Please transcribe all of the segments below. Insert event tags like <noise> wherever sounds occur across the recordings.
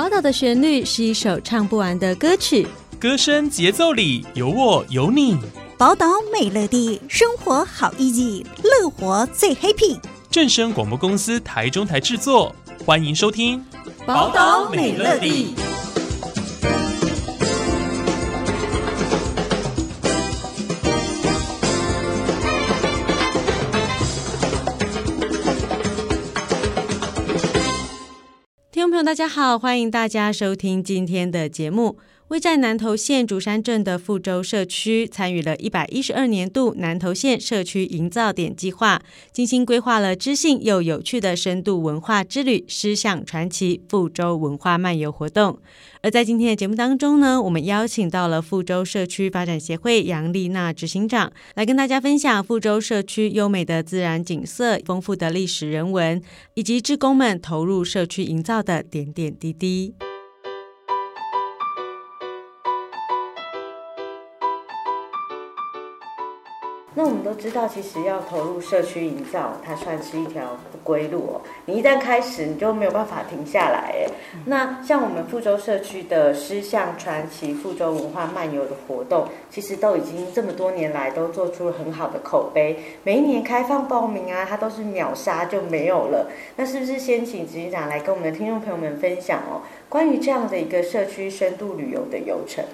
寶島的旋律，是一首唱不完的歌曲，歌聲節奏裡有我有你。寶島美樂地，生活好 easy，樂活最 happy。正聲廣播公司台中台製作，歡迎收聽《寶島美樂地》樂地。大家好，歡迎大家收聽今天的節目。位在南投縣竹山鎮的富州社區，參與了一百一十二年度南投縣社區營造點計劃，精心規劃了知性又有趣的深度文化之旅——“獅象傳奇富州文化漫遊”活動。而在今天的節目當中呢，我們邀請到了富州社區發展協會楊麗娜執行長，來跟大家分享富州社區優美的自然景色、豐富的歷史人文，以及志工們投入社區營造的點點滴滴。那我們都知道，其實要投入社區營造，它算是一條不歸路哦。你一旦開始，你就沒有辦法停下來哎。那像我們富州社區的“獅象傳奇”、富州文化漫遊的活動，其實都已經這麼多年來都做出了很好的口碑。每一年開放報名啊，它都是秒殺就沒有了。那是不是先請執行長來跟我們的聽眾朋友們分享哦？關於這樣的一個社區深度旅遊的遊程，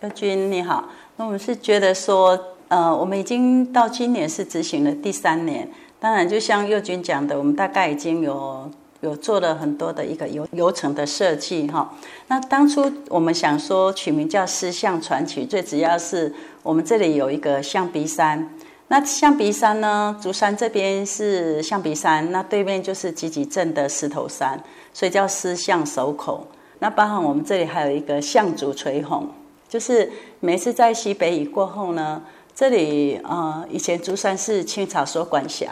劉軍你好。那我們是覺得說。呃，我們已經到今年是執行了第三年。當然，就像右軍講的，我們大概已經有有做了很多的一個游遊程的設計哈、哦。那當初我們想說取名叫獅象傳奇，最主要是我們這裡有一個象鼻山。那象鼻山呢，竹山這邊是象鼻山，那對面就是集集鎮的獅頭山，所以叫獅象守口。那包含我們這裡還有一個象足垂虹，就是每次在西北雨過後呢。這裡呃，以前竹山是清朝所管轄，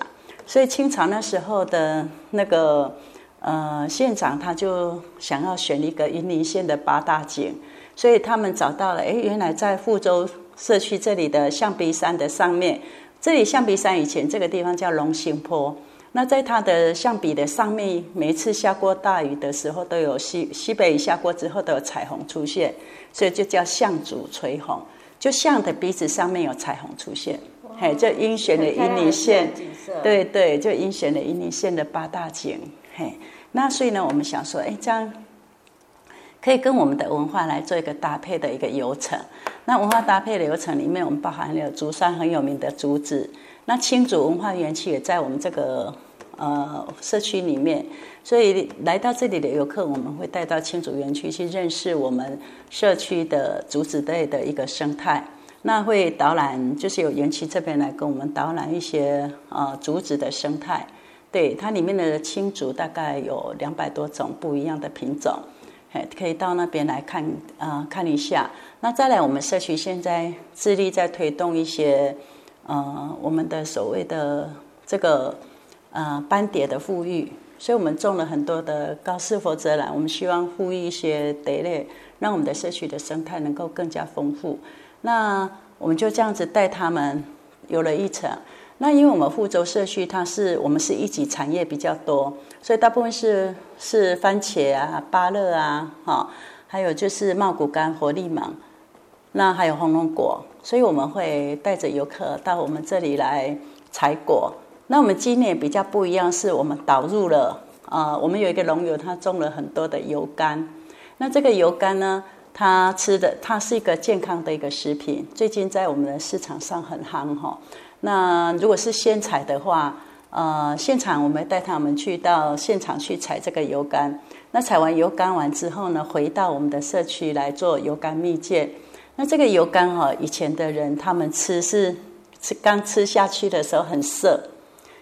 所以清朝那時候的那個呃縣長，他就想要選一個雲林縣的八大景，所以他們找到了，誒原來在富州社區這裡的象鼻山的上面，這裡象鼻山以前這個地方叫龍興坡，那在它的象鼻的上面，每一次下過大雨的時候，都有西西北雨下過之後都有彩虹出現，所以就叫象祖垂虹。就像的鼻子上面有彩虹出現，哇嘿，就陰旋的陰靈線，對對，就陰旋的陰靈線的八大景，嘿，那所以呢，我們想說，哎，這樣可以跟我們的文化來做一個搭配的一個流程。那文化搭配的流程裡面，我們包含了竹山很有名的竹子，那青竹文化園區也在我們這個。呃，社區裡面，所以來到這裡的遊客，我們會帶到青竹園區去認識我們社區的竹子類的一個生態。那會導覽，就是有園區這邊來跟我們導覽一些呃竹子的生態。對，它裡面的青竹大概有兩百多種不一樣的品種，嘿，可以到那邊來看啊、呃、看一下。那再來，我們社區現在致力在推動一些呃我們的所謂的這個。呃，斑蝶的復育，所以我們種了很多的高士佛澤蘭。我們希望復育一些蝶類，讓我們的社區的生態能夠更加豐富。那我們就這樣子帶他們遊了一程，那因為我們富州社區，它是我們是一級產業比較多，所以大部分是是番茄啊、芭樂啊，哈、哦，還有就是茂谷柑、活力芒，那還有紅龍果。所以我們會帶着遊客到我們這裡來採果。那我們今年比較不一樣，是我們導入了，呃，我們有一個農友，他種了很多的油柑。那這個油柑呢，它吃的，它是一個健康的一個食品。最近在我們的市場上很夯哈、哦。那如果是現採的話，呃，現場我們帶他們去到現場去採這個油柑。那採完油柑完之後呢，回到我們的社區來做油柑蜜餞。那這個油柑哈、哦，以前的人他們吃是吃剛吃下去的時候很澀。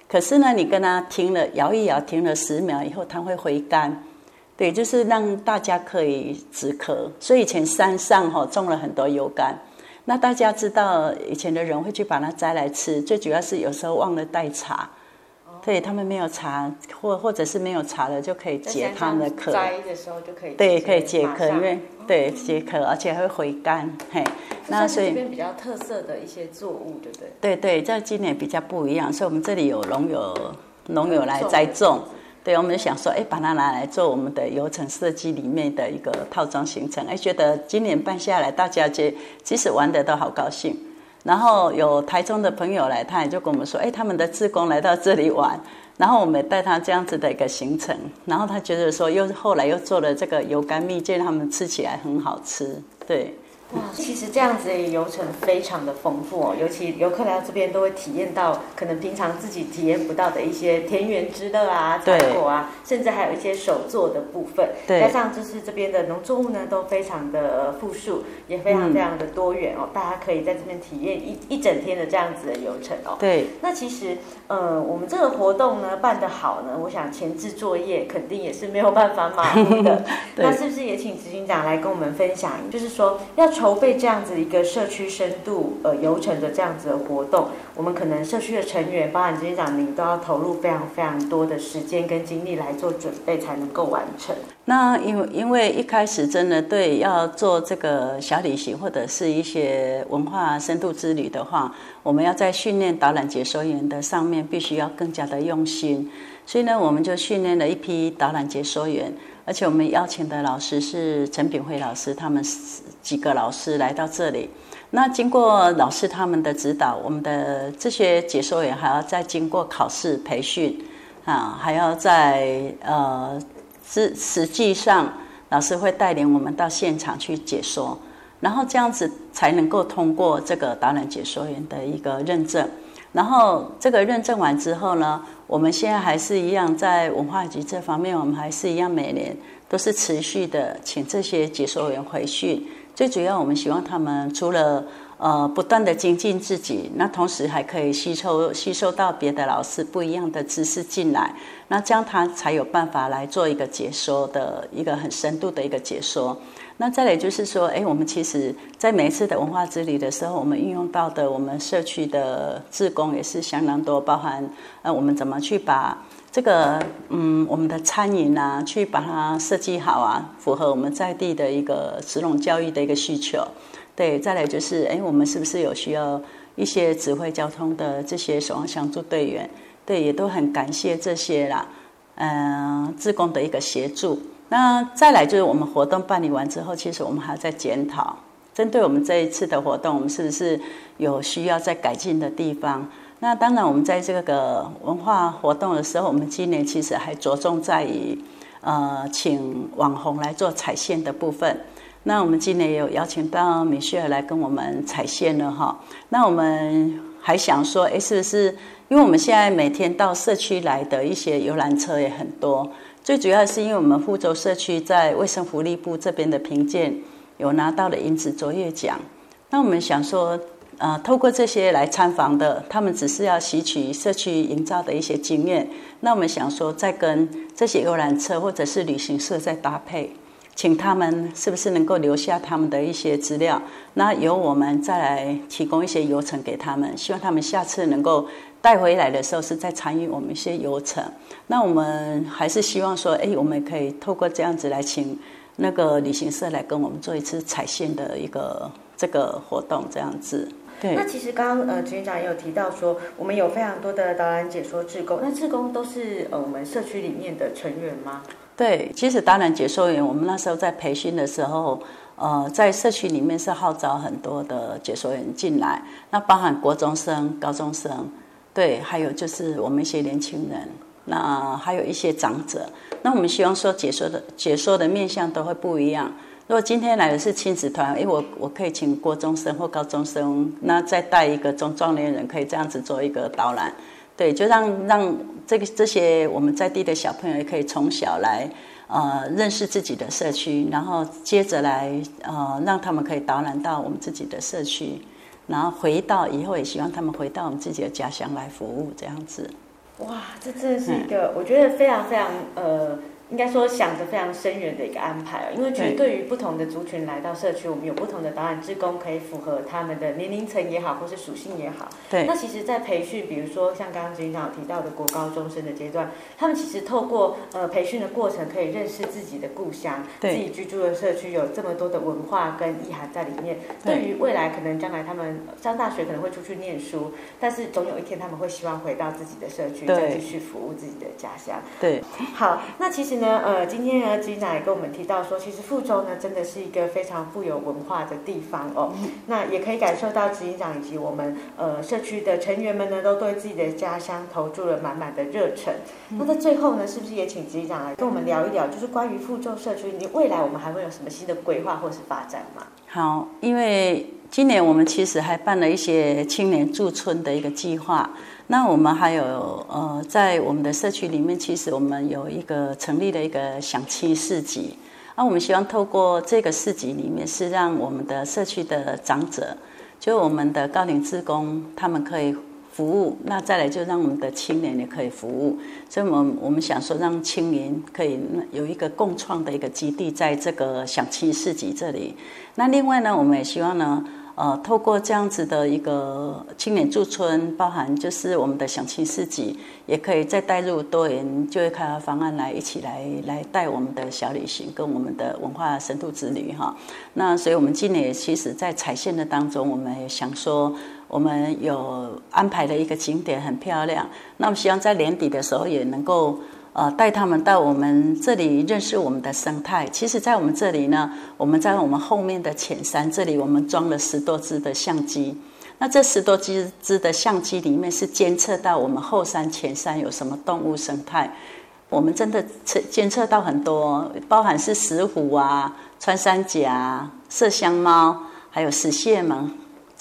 可是呢，你跟他停了搖一搖，停了十秒以後，它會回甘，對，就是讓大家可以止渴。所以以前山上哈種了很多油柑，那大家知道以前的人會去把它摘來吃，最主要是有時候忘了帶茶。對他們沒有茶，或或者是沒有茶了，就可以解他,他們的渴。在摘的時候就可以。對，可以解渴，因為對、嗯、解渴，而且還會回甘，嘿。那所以這邊比較特色的一些作物對，對不對？對對，在今年比較不一樣，所以我們這裡有農友，對，農友來栽種。對，我們就想說，哎、欸，把它拿來做我們的遊程設計裡面的一個套裝行程。哎、欸，覺得今年辦下來，大家就其實玩的都好高興。然後有台中的朋友來，他也就跟我們說，哎，他們的志工來到這裡玩，然後我們帶他這樣子的一個行程，然後他覺得說，又後來又做了這個油甘蜜餞，他們吃起來很好吃，對。哇，其實這樣子的遊程非常的豐富哦，尤其遊客來到這邊都會體驗到，可能平常自己體驗不到的一些田園之樂啊，對，水果啊，甚至還有一些手作的部分，對，加上就是這邊的農作物呢都非常的富庶，也非常非常的多元哦，嗯、大家可以在這邊體驗一一整天的這樣子的遊程哦。對，那其實，嗯、呃、我們這個活動呢辦得好呢，我想前置作業肯定也是沒有辦法滿足的， <laughs> 對那是不是也請執行長來跟我們分享，就是說要從籌備這樣子一個社區深度呃遊程的這樣子的活動，我們可能社區的成員，包括這些天講，都要投入非常非常多的時間跟精力來做準備，才能夠完成。那因為因為一開始真的對要做這個小旅行或者是一些文化深度之旅的話，我們要在訓練導覽解說員的上面，必須要更加的用心。所以呢，我們就訓練了一批導覽解說員。而且我們邀請的老師是陳炳輝老師，他們幾個老師來到這裡。那經過老師他們的指導，我們的這些解說員還要再經過考試培訓啊，還要在呃，實實際上老師會帶領我們到現場去解說，然後這樣子才能夠通過這個導覽解說員的一個認證。然後這個認證完之後呢，我們現在還是一樣在文化局這方面，我們還是一樣每年都是持續的請這些解說員回訓。最主要，我們希望他們除了呃不斷的精進自己，那同時還可以吸收吸收到別的老師不一樣的知識進來，那這樣他才有辦法來做一個解說的一個很深度的一個解說。那再來就是說，哎、欸，我們其實在每一次的文化之旅的時候，我們運用到的我們社區的志工也是相當多，包含呃，我們怎麼去把這個嗯我們的餐飲啊，去把它設計好啊，符合我們在地的一個食農教育的一個需求。對，再來就是哎、欸，我們是不是有需要一些指揮交通的這些守望相助隊員？對，也都很感謝這些啦，嗯、呃，志工的一個協助。那再來就是我們活動辦理完之後，其實我們還在檢討，針對我們這一次的活動，我們是不是有需要再改進的地方？那當然，我們在這個文化活動的時候，我們今年其實還着重在於，呃，請網紅來做踩線的部分。那我們今年也有邀請到米雪兒來跟我們踩線了哈。那我們還想說，哎、欸，是不是因為我們現在每天到社區來的一些遊覽車也很多？最主要的是因為我們富州社區在衛生福利部這邊的評鑑，有拿到了銀質卓越獎。那我們想說，呃，透過這些來參訪的，他們只是要吸取社區營造的一些經驗。那我們想說，再跟這些遊覽車或者是旅行社再搭配。請他們是不是能夠留下他們的一些資料？那由我們再來提供一些遊程給他們，希望他們下次能夠帶回來的時候，是再參與我們一些遊程。那我們還是希望說，哎、欸，我們也可以透過這樣子來請那個旅行社來跟我們做一次踩線的一個這個活動，這樣子。對。那其實剛剛呃執行長也有提到說，我們有非常多的導覽解說志工，那志工都是呃我們社區裡面的成員嗎？對，其實當然。解說員，我們那時候在培訓的時候，呃，在社區裡面是號召很多的解說員進來，那包含國中生、高中生，對，還有就是我們一些年輕人，那還有一些長者，那我們希望說解說的解說的面向都會不一樣。如果今天來的是親子團，因為我我可以請國中生或高中生，那再帶一個中壯年人，可以這樣子做一個導覽。對，就讓讓這個這些我們在地的小朋友也可以從小來呃認識自己的社區，然後接着來呃讓他們可以導覽到我們自己的社區，然後回到以後也希望他們回到我們自己的家鄉來服務這樣子。哇，這真的是一個、嗯、我覺得非常非常呃。應該說，想着非常深遠的一個安排啊，因為其實對於不同的族群來到社區，對我們有不同的導覽志工可以符合他們的年齡層也好，或是屬性也好。對。那其實，在培訓，比如說像剛剛局長提到的國高中生的階段，他們其實透過呃培訓的過程，可以認識自己的故鄉，對自己居住的社區有這麼多的文化跟意涵在裡面。對，對於未來，可能將來他們上大學可能會出去念書，但是總有一天他們會希望回到自己的社區，對再繼續服務自己的家鄉。對。好，那其實。呢，呃，今天呢，執行長也跟我們提到說，其實富州呢，真的是一個非常富有文化的地方哦。那也可以感受到，執行長以及我們呃社區的成員們呢，都對自己的家鄉投注了滿滿的熱忱。嗯、那在最後呢，是不是也請執行長來跟我們聊一聊，就是關於富州社區，你未來我們還會有什麼新的規劃或是發展嗎？好，因為。今年我們其實還辦了一些青年駐村的一個計劃。那我們還有呃，在我們的社區裡面，其實我們有一個成立了一個享七市集。那我們希望透過這個市集裡面，是讓我們的社區的長者，就我們的高齡志工，他們可以服務。那再來就讓我們的青年也可以服務。所以我們，我我們想說，讓青年可以有一個共創的一個基地，在這個享七市集這裡。那另外呢，我們也希望呢。呃，透過這樣子的一個青年駐村，包含就是我們的鄉親市集，也可以再帶入多元就業開發方案來一起來來帶我們的小旅行，跟我們的文化深度之旅哈。那所以我們今年其實，在踩線的當中，我們也想說，我們有安排了一個景點很漂亮，那我們希望在年底的時候也能夠。呃，帶他們到我們這裡認識我們的生態。其實，在我們這裡呢，我們在我們後面的淺山這裡，我們裝了十多隻的相機。那這十多隻隻的相機裡面是監測到我們後山、淺山有什麼動物生態。我們真的測監測到很多，包含是石虎啊、穿山甲、啊、麝香貓，還有食蟹獴。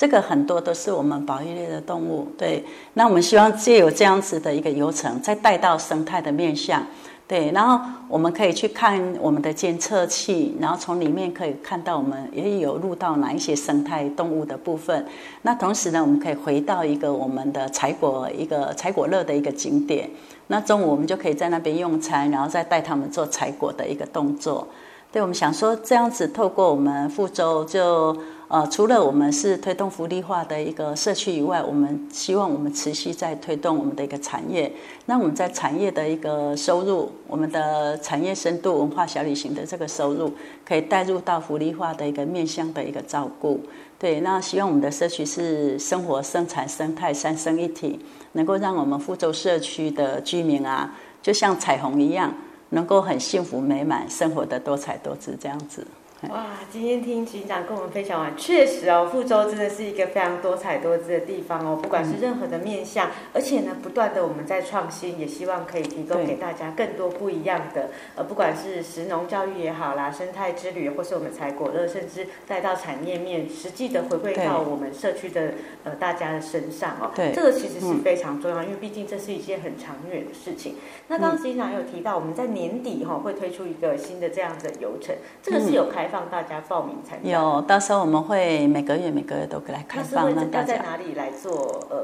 這個很多都是我們保育類的動物，對。那我們希望藉由這樣子的一個流程，再帶到生態的面向，對。然後我們可以去看我們的監測器，然後從裡面可以看到我們也有錄到哪一些生態動物的部分。那同時呢，我們可以回到一個我們的採果一個採果樂的一個景點。那中午我們就可以在那邊用餐，然後再帶他們做採果的一個動作。對，我們想說這樣子透過我們富州就。呃，除了我們是推動福利化的一個社區以外，我們希望我們持續在推動我們的一個產業。那我們在產業的一個收入，我們的產業深度文化小旅行的這個收入，可以帶入到福利化的一個面向的一個照顧。對，那希望我們的社區是生活、生產、生態三生一體，能夠讓我們富州社區的居民啊，就像彩虹一樣，能夠很幸福美滿，生活得多彩多姿這樣子。哇，今天聽執行長跟我們分享完，確實哦，富州真的是一個非常多彩多姿的地方哦，不管是任何的面向，嗯、而且呢，不斷的我們在創新，也希望可以提供給大家更多不一樣的，對呃，不管是食農教育也好啦，生態之旅，或是我們採果樂，甚至帶到產業面，實際的回饋到我們社區的、嗯、呃大家的身上哦，對，這個其實是非常重要，嗯、因為畢竟這是一件很長遠的事情。嗯、那剛剛執行長有提到，我們在年底哈、哦、會推出一個新的這樣的流程，這個是有開放、嗯。讓大家報名才有，到時候我們會每個月、每個月都來開放讓大家。在哪裡來做？呃，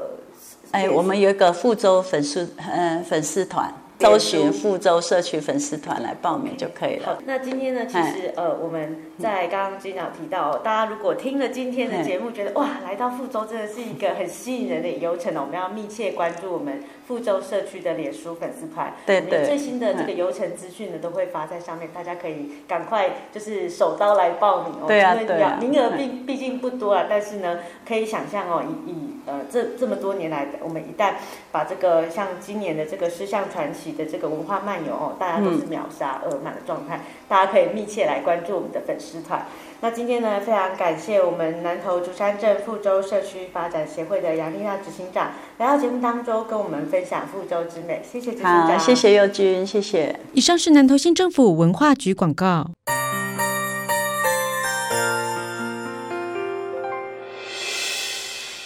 哎、呃，對我們有一個富州粉絲，嗯、呃，粉絲團。搜尋富州社區粉絲團來報名就可以了。好，那今天呢，其實呃，我們在剛剛金鳥提到，大家如果聽了今天的節目，覺得哇，來到富州真的是一個很吸引人的遊程哦。我們要密切關注我們富州社區的臉書粉絲團，對連最新的這個遊程資訊呢都會發在上面，大家可以趕快就是手刀來報名哦，因為名名額畢畢竟不多啊，但是呢，可以想象哦，以以。呃，這這麼多年來，我們一旦把這個像今年的這個《獅象傳奇》的這個文化漫遊哦，大家都是秒殺、額滿的狀態，嗯、大家可以密切來關注我們的粉絲團。那今天呢，非常感謝我們南投竹山鎮富州社區發展協會的楊麗娜執行長來到節目當中，跟我們分享富州之美。謝謝執行長，謝謝佑君，謝謝。以上是南投縣政府文化局廣告。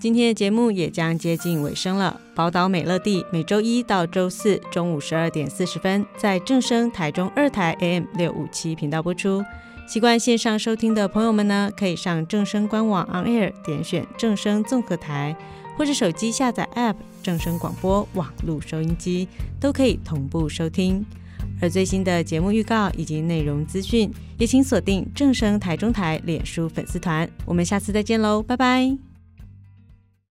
今天的節目也將接近尾聲了。寶島美樂蒂每周一到周四中午十二點四十分，在正聲台中二台 AM 六五七頻道播出。習慣線上收聽的朋友們呢，可以上正聲官網 on air，點選正聲綜合台，或者手機下載 app 正聲廣播網絡收音機，都可以同步收聽。而最新的節目預告以及內容資訊，也請鎖定正聲台中台臉書粉絲團。我們下次再見嘍，拜拜。